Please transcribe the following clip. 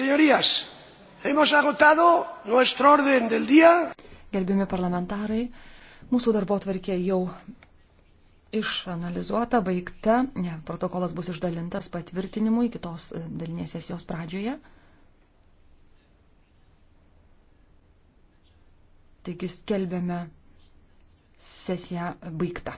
Señorías, hemos agotado nuestro orden del día. Gerbiami parlamentarai, mūsų darbo tvarkė jau išanalizuota, baigta, ne, protokolas bus išdalintas patvirtinimui kitos e, dalinės sesijos pradžioje. Taigi skelbėme sesiją baigtą.